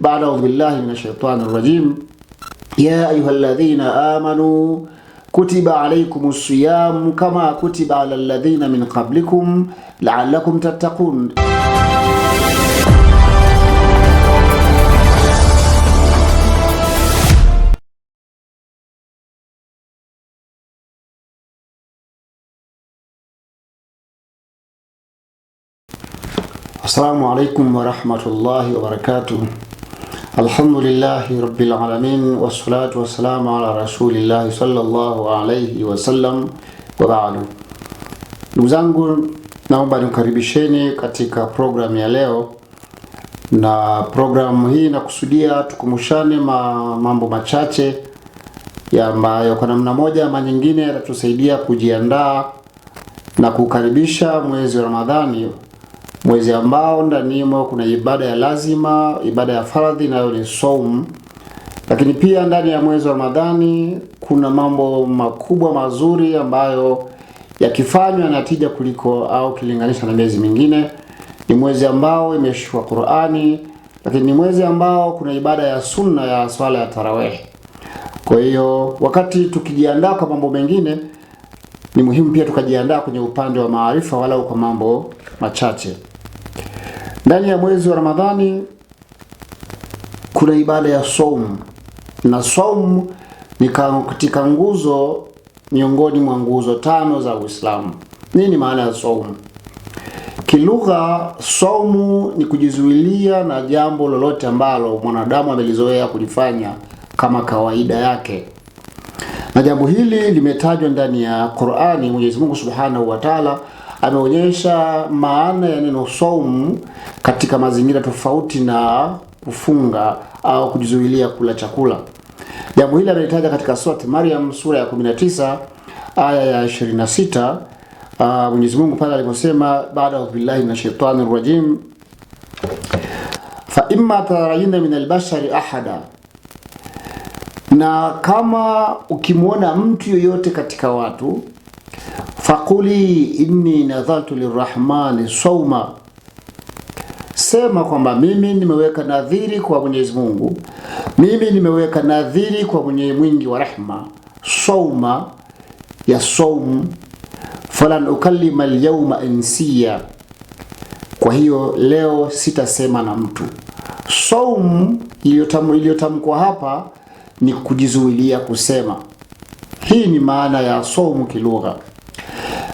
بعد أعوذ بالله من الشيطان الرجيم يا أيها الذين آمنوا كتب عليكم الصيام كما كتب على الذين من قبلكم لعلكم تتقون السلام عليكم ورحمة الله وبركاته Alhamdulillahi rabbil alamin wassalatu wassalamu ala rasulillahi sallallahu alayhi wasallam wa ba'du. Ndugu zangu, naomba nikaribisheni katika programu ya leo, na programu hii inakusudia tukumushane ma, mambo machache ambayo kwa namna moja ama nyingine yatatusaidia kujiandaa na kukaribisha mwezi wa Ramadhani mwezi ambao ndani mwa kuna ibada ya lazima, ibada ya faradhi nayo ni saum. Lakini pia ndani ya mwezi wa Ramadhani kuna mambo makubwa mazuri ambayo yakifanywa na tija kuliko au kilinganisha na miezi mingine. Ni mwezi ambao imeshushwa Qur'ani, lakini ni mwezi ambao kuna ibada ya sunna ya swala ya tarawih. Kwa hiyo wakati tukijiandaa kwa mambo mengine, ni muhimu pia tukajiandaa kwenye upande wa maarifa, walau kwa mambo machache. Ndani ya mwezi wa Ramadhani kuna ibada ya saumu, na saumu ni katika nguzo miongoni mwa nguzo tano za Uislamu. Nini maana ya saumu? Kilugha, saumu ni kujizuilia na jambo lolote ambalo mwanadamu amelizoea kulifanya kama kawaida yake, na jambo hili limetajwa ndani ya Qur'ani. Mwenyezi Mungu Subhanahu wa Ta'ala ameonyesha maana ya neno saumu katika mazingira tofauti na kufunga au kujizuilia kula chakula. Jambo hili amelitaja katika surati Maryam sura ya 19 aya ya 26. Uh, ah, Mwenyezi Mungu pale aliposema baada billahi na shaitani rajim, fa imma tarayna min albashari ahada, na kama ukimwona mtu yoyote katika watu quli inni nadhartu lirrahmani sawma, sema kwamba mimi nimeweka nadhiri kwa Mwenyezi Mungu, mimi nimeweka nadhiri kwa mwenye mwingi wa rahma, sawma ya saum, falan ukallima alyawma insiya, kwa hiyo leo sitasema na mtu. Saum iliyotamkwa hapa ni kujizuilia kusema. Hii ni maana ya saumu kilugha.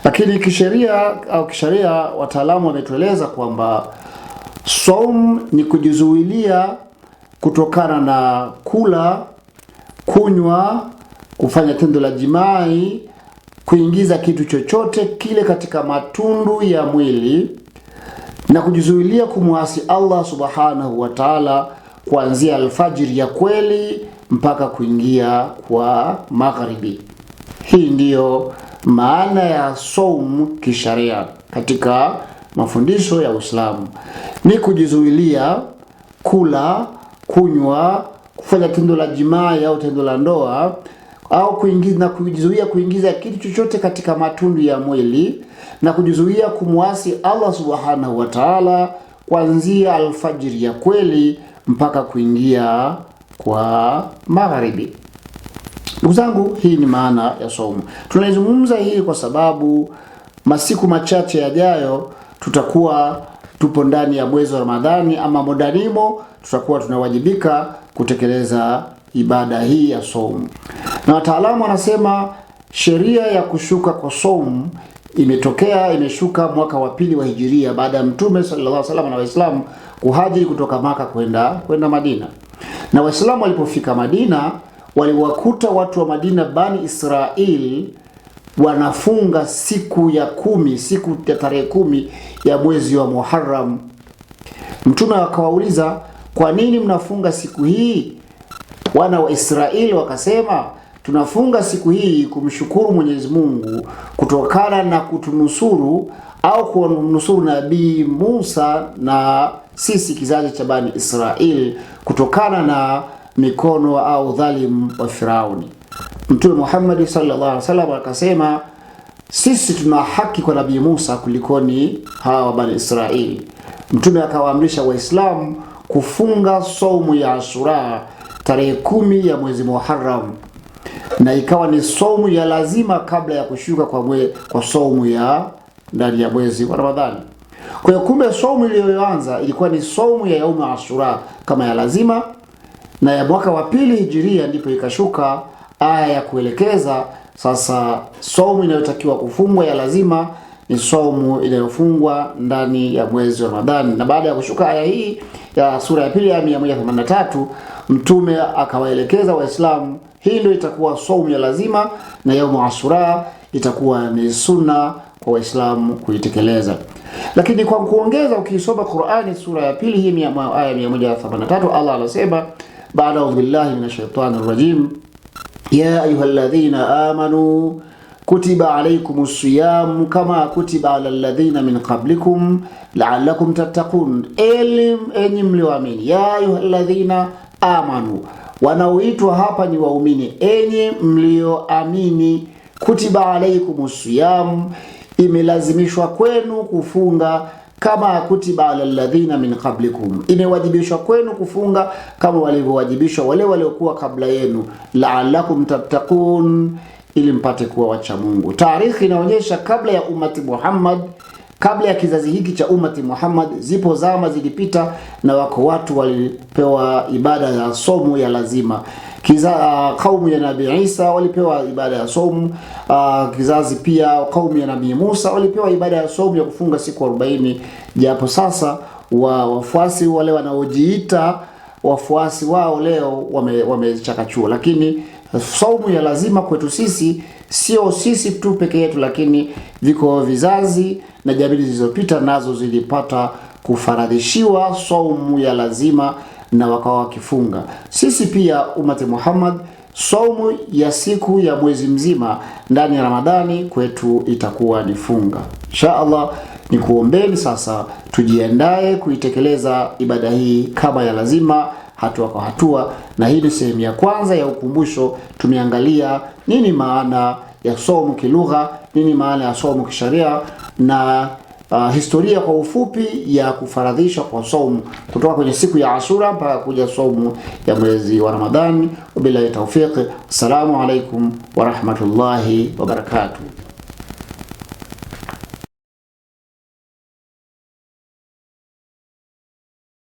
Lakini kisheria au kisheria wataalamu wametueleza kwamba saum ni kujizuilia kutokana na kula, kunywa, kufanya tendo la jimai, kuingiza kitu chochote kile katika matundu ya mwili na kujizuilia kumwasi Allah subhanahu wa ta'ala kuanzia alfajiri ya kweli mpaka kuingia kwa magharibi. Hii ndiyo maana ya saumu kisharia katika mafundisho ya Uislamu ni kujizuilia kula, kunywa, kufanya tendo la jimaa au tendo la ndoa au kuingiza na kujizuia kuingiza kitu chochote katika matundu ya mwili na kujizuia kumwasi Allah Subhanahu wa Ta'ala kuanzia alfajiri ya kweli mpaka kuingia kwa magharibi. Ndugu zangu, hii ni maana ya somo. Tunaizungumza hii kwa sababu masiku machache yajayo tutakuwa tupo ndani ya mwezi wa Ramadhani ama modanimo, tutakuwa tunawajibika kutekeleza ibada hii ya somu, na wataalamu wanasema sheria ya kushuka kwa somu imetokea imeshuka mwaka wa pili wa hijiria baada ya Mtume sallallahu alaihi wasallam na Waislamu kuhajiri kutoka Maka kwenda kwenda Madina, na Waislamu walipofika Madina waliwakuta watu wa Madina Bani Israil wanafunga siku ya kumi, siku ya tarehe kumi ya mwezi wa Muharram. Mtume akawauliza, kwa nini mnafunga siku hii? Wana wa Israili wakasema, tunafunga siku hii kumshukuru Mwenyezi Mungu kutokana na kutunusuru au kumnusuru Nabii Musa na sisi kizazi cha Bani israel kutokana na mikono au dhalimu wa Firauni. Mtume Muhammad sallallahu alaihi wasallam akasema, sisi tuna haki kwa Nabii Musa kulikoni hawa Bani Israeli. Mtume akawaamrisha Waislamu kufunga saumu ya Ashura tarehe kumi ya mwezi Muharram, na ikawa ni saumu ya lazima kabla ya kushuka kwa, mwe, kwa saumu ya ndani ya mwezi wa Ramadhani. Kwa hiyo kumbe saumu iliyoanza ilikuwa ni saumu ya yauma Ashura kama ya lazima na ya mwaka wa pili hijiria ndipo ikashuka aya ya kuelekeza sasa saumu inayotakiwa kufungwa ya lazima ni saumu inayofungwa ndani ya mwezi wa Ramadhani. Na baada ya kushuka aya hii ya sura ya pili ya 183, Mtume akawaelekeza Waislamu, hii ndio itakuwa saumu ya lazima, na yaumu ashura itakuwa ni sunna kwa Waislamu kuitekeleza. Lakini kwa kuongeza, ukiisoma Qur'ani sura ya pili hii aya 183, Allah anasema بعد أعوذ بالله من الشيطان الرجيم يا أيها الذين آمنوا كتب عليكم الصيام كما كتب على الذين من قبلكم لعلكم تتقون elim enyi mlioamini ya ayuha alladhina amanu wanaoitwa hapa ni waumini enyi mlioamini kutiba alaikum siyam imelazimishwa kwenu kufunga kama kutiba ala alladhina min qablikum, imewajibishwa kwenu kufunga kama walivyowajibishwa wale waliokuwa kabla yenu, la'allakum tattaqun, ili mpate kuwa wacha Mungu. Taarikhi inaonyesha kabla ya umati Muhammad Kabla ya kizazi hiki cha umati Muhammad, zipo zama zilipita na wako watu walipewa ibada ya somu ya lazima. Kiza, uh, kaumu ya Nabii Isa walipewa ibada ya somu. Uh, kizazi pia kaumu ya Nabii Musa walipewa ibada ya somu ya kufunga siku 40, japo sasa wa wafuasi wale wanaojiita wafuasi wao leo wamechakachua wame, lakini saumu ya lazima kwetu sisi, sio sisi tu peke yetu, lakini viko vizazi na jamii zilizopita nazo zilipata kufaradhishiwa saumu ya lazima na wakawa wakifunga. Sisi pia umati Muhammad, saumu ya siku ya mwezi mzima ndani ya Ramadhani kwetu itakuwa ni funga. Insha Allah ni kuombeni sasa, tujiandae kuitekeleza ibada hii kama ya lazima hatua kwa hatua, na hii ni sehemu ya kwanza ya ukumbusho. Tumeangalia nini maana ya somo kilugha, nini maana ya somo kisharia na Uh, historia kwa ufupi ya kufaradhisha kwa somo kutoka kwenye siku ya Ashura mpaka kuja somo ya mwezi wa Ramadhani. Wabillahi tawfiq. Assalamu alaikum warahmatullahi wabarakatuh.